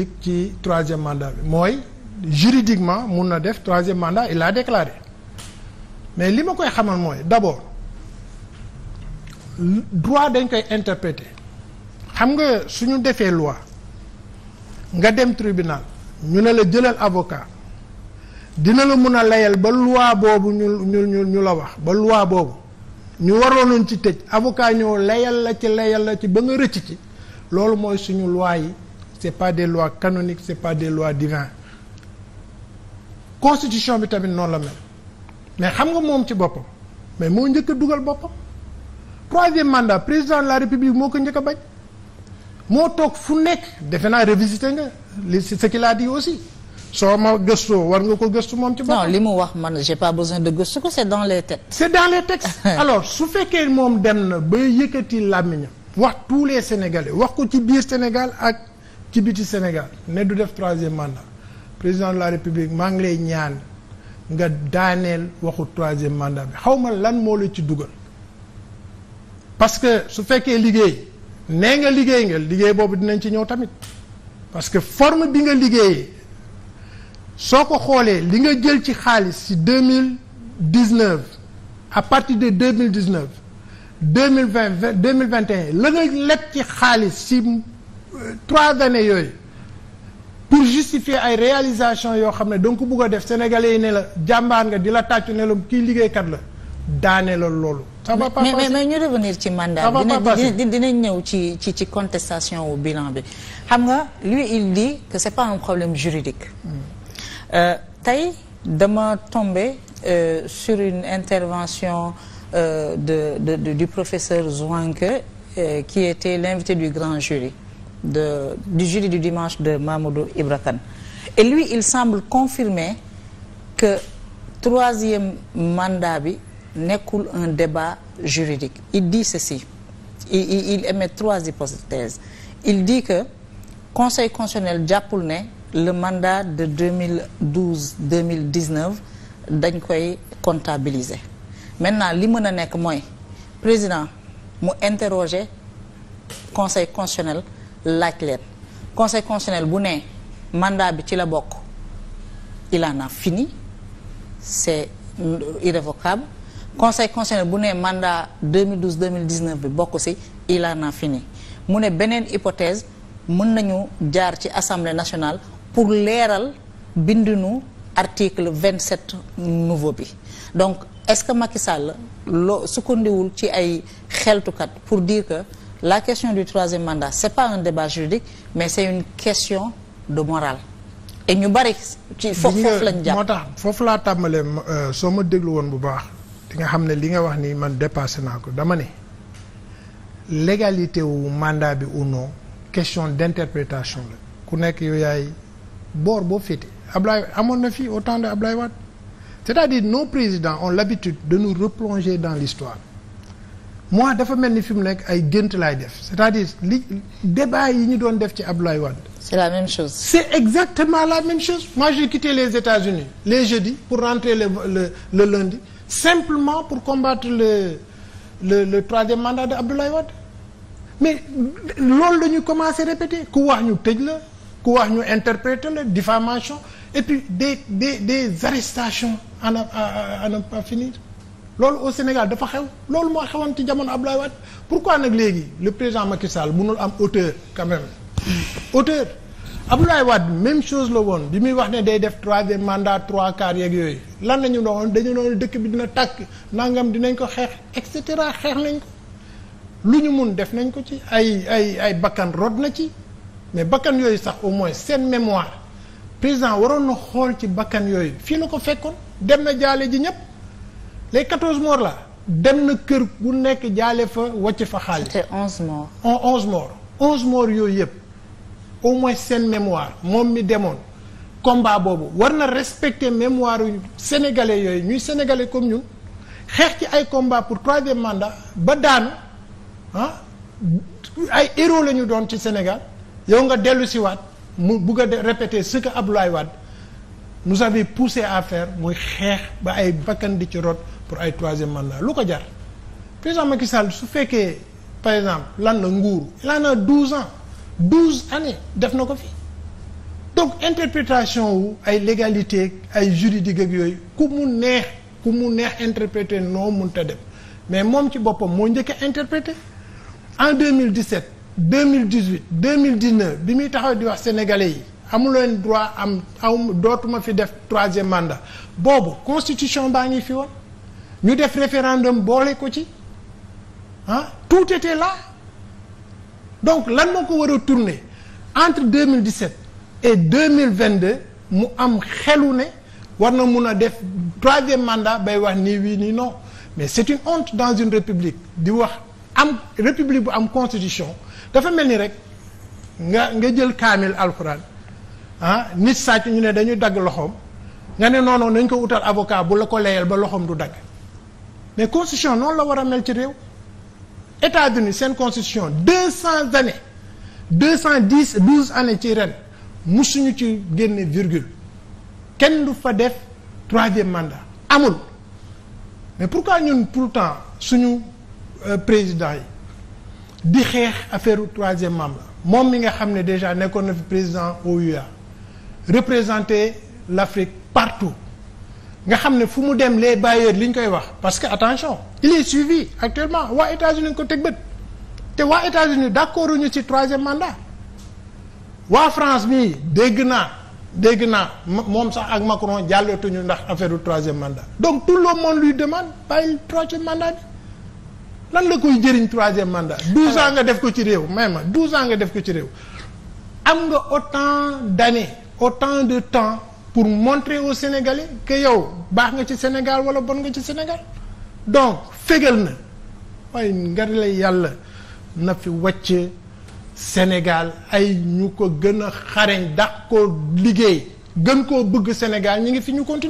ci ci troisième mandat bi mooy juridiquement mun na def troisième mandat il laa déclaré mais li ma koy xamal mooy d'abord droit dañ koy interpréter xam nga suñu defee loi nga dem tribunal ñu ne la jëlal avocat dina la mun a layal ba loi boobu ñu ñu ñu la wax ba loi boobu ñu waroonoon ci tëj avocat ñoo layal la ci layal la ci ba nga rëcc ci loolu mooy suñu loi yi c'est pas des lois canoniques c'est pas des lois divines constitution bi tamit noonu la mel mais xam nga moom ci boppam mais moo njëkk dugal boppam troisième mandat président la république moo ko njëkk a bañ moo toog fu nekk defe naa révisité nga li ce qu'il a dit aussi soo ma gëstoo war nga ko gëstu moom ci boppam. li mu wax man j'ai pas besoin de gëstu ko c'est dans les têtes. c'est dans les textes alors su fekkee moom dem na ba yëkkati làmmiñam wax tous les wax ko ci biir Sénégal ak. ci biti Sénégal ne du def troisième mandat président de la république maa ngi lay ñaan nga daaneel waxul troisième mandat bi xaw ma lan moo la ci dugal parce que su fekkee liggéey nee nga liggéey nga liggéey boobu dinañ ci ñëw tamit parce que forme bi nga liggéeyee soo ko xoolee li nga jël ci xaalis ci deux mille dix neuf à partir de deux mille dix neuf deux mille vingt deux mille vingt un la nga lekk ci xaalis ci. trois années yooyu pour justifier ay réalisation yoo xam ne da nga ko bugg def sénégalais yi ne la jàmbaar nga di la tàccu ne la kii liggéeykat la daane la loolu. ça va pas mais mais ñu revenir ci mandat bi dinañ ñëw ci ci ci contestation wu bilan bi xam nga lui il dit que c'est pas un problème juridique. Hmm. Euh, tey dama tombe euh, sur une intervention euh, de de du professeur Zouanke qui était l'invité du grand jury. de, du jeudi du dimanche de Mamoudou Ibra Et lui, il semble confirmer que troisième mandat bi nekkul un débat juridique. Il dit ceci, il, il, il émet trois hypothèses. Il dit que Conseil constitutionnel jàppul ne le mandat de 2012-2019 dañ koy comptabiliser. Maintenant li mën a nekk mooy président mu interroger Conseil constitutionnel laaj leen conseil constitutionnel bu ne mandat bi ci la bokk il en a fini c'est irrévocable conseil constitutionnel bu ne mandat 2012 2019 bi bokk si il en fini mu ne beneen hypothèse mën nañu jaar ci assemblée nationale pour leeral bindinu article 27 nouveau bi donc est-ce que Macky Sall loo sukkandiwul ci ay xeltukat pour dire que la question du troisième mandat c'est pas un débat juridique mais c'est une question de morale et ñu bari ci foofu foofu lañ moo tax foofu laa tàmbalee euh, soo ma déglu woon bu baax di nga xam ne li nga wax ni man dépassé naa ko dama ne légalité wu mandat bi ou no question d'interprétation la ku nekk yow yaay boor boo féete Ablaye amoon na fii au temps de Ablaye Wade c'est-à-dire nos présidents ont l'habitude de nous replonger dans l'histoire moi dafa mel ni fi mu nekk ay gént laay def c'est-à-dire li débat yi ñu doon def ci Abdoulaye Wade. c'est la même chose. c'est exactement la même chose. moi j'ai quitté les États-Unis les jeudis pour rentrer le le le lundi simplement pour combattre le le troisième mandat de Abdoulaye Wade mais loolu dañu commencé répéter ku wax ñu tëj la ku wax ñu interpréter la diffamation et puis des des des arrestations à ne à à ne pas finir. loolu au Sénégal dafa xew loolu moo xewoon ci jamono Abdoulaye Wade pourquoi nag léegi le président Macky Sall mënul am hauteur quand même hauteur Abdoulaye Wade même chose la woon bi muy wax ne day def troisième mandat trois quarts yeeg yooyu lan la ñu doon dañu doon dëkk bi dina takk nangam dinañ ko xeex et cetera xeex nañ ko lu ñu mun def nañ ko ci ay ay ay bakkan rod na ci mais bakkan yooyu sax au moins seen mémoire président waroon na xool ci bakkan yooyu fii la ko fekkoon dem na jaale ji ñëpp. les quatorze morts la dem na kër bu nekk jaale fa wàcc fa xaalis. c'était onze morts. onze morts onze morts yooyu yëpp au moins seen mémoire moom mi demoon combat boobu war na respecter mémoire yu sénégalais yooyu ñuy sénégalais comme ñun xeex ci ay combat pour troisième mandat ba daanu ah ay héros la ñu doon ci Sénégal yow nga dellu si waat mu bugg a répéter ce que Abdoulaye Wade nous avait poussé à faire muy xeex ba ay bakkan di ci rot. pour ay troisième mandat lu ko jar président Macky Sall su fekkee par exemple lan la nguuru il en a douze ans douze années def na ko fi donc interprétation wu ay légalité ay juridique ak yooyu ku mu neex ku mu neex interpréter noo mun ta def mais moom ci boppam moo njëkk a interpréter deux mille 2018 2019 bi muy taxaw di wax sénégalais yi amuleen droit am aw dootuma fi def troisième mandat boobu constitution baa ngi fi woon ñu def référendum boole ko ci ah tout était là donc lan moo ko war a tourner entre 2017 et deux mu am xelu ne war na mun a def troisième mandat bay wax nii wii nii non mais c'est une honte dans une république di wax am république bu am constitution dafa mel ni rek nga nga jël kaamil alxuraan ah nit sàcc ñu ne dañuy dagg loxoom nga ne noonu nañ ko utal avocat bu la ko layal ba loxoom du dagg mais constitution noonu la war a mel ci réew États-Unis seen constitution deux cent années deux cent dix douze années ci ren mu suñu ci génne virgule kenn du fa def troisième mandat amul mais pourquoi ñun pourtant suñu euh, président yi di xeex affaire troisième mandat moom mi nga xam ne déjà nekkoon na fi président OUA représenter l'Afrique partout nga xam ne fu mu dem les bailleurs li ñu koy wax parce que attention il est suivi actuellement waa États-Unis ko teg bët te waa États-Unis d'accord ñu ci troisième mandat waa France mii dégg naa dégg naa moom sax ak Macron jàllatuñu ndax affaire du troisième mandat donc tout le monde luy demande bàyyi troisième mandat bi lan la koy jëriñ troisième mandat douze ans nga def ko ci réew may ma douze ans nga def ko ci réew am nga autant d'années autant de temps pour montrer aux Sénégalais que yow baax nga ci Sénégal wala bon nga ci Sénégal donc fégal na waaye ngari lay yàlla na fi wàcc Sénégal ay ñu ko gën a xareñ dax ko liggéey gën koo bugg Sénégal ñi ngi fi ñu continuer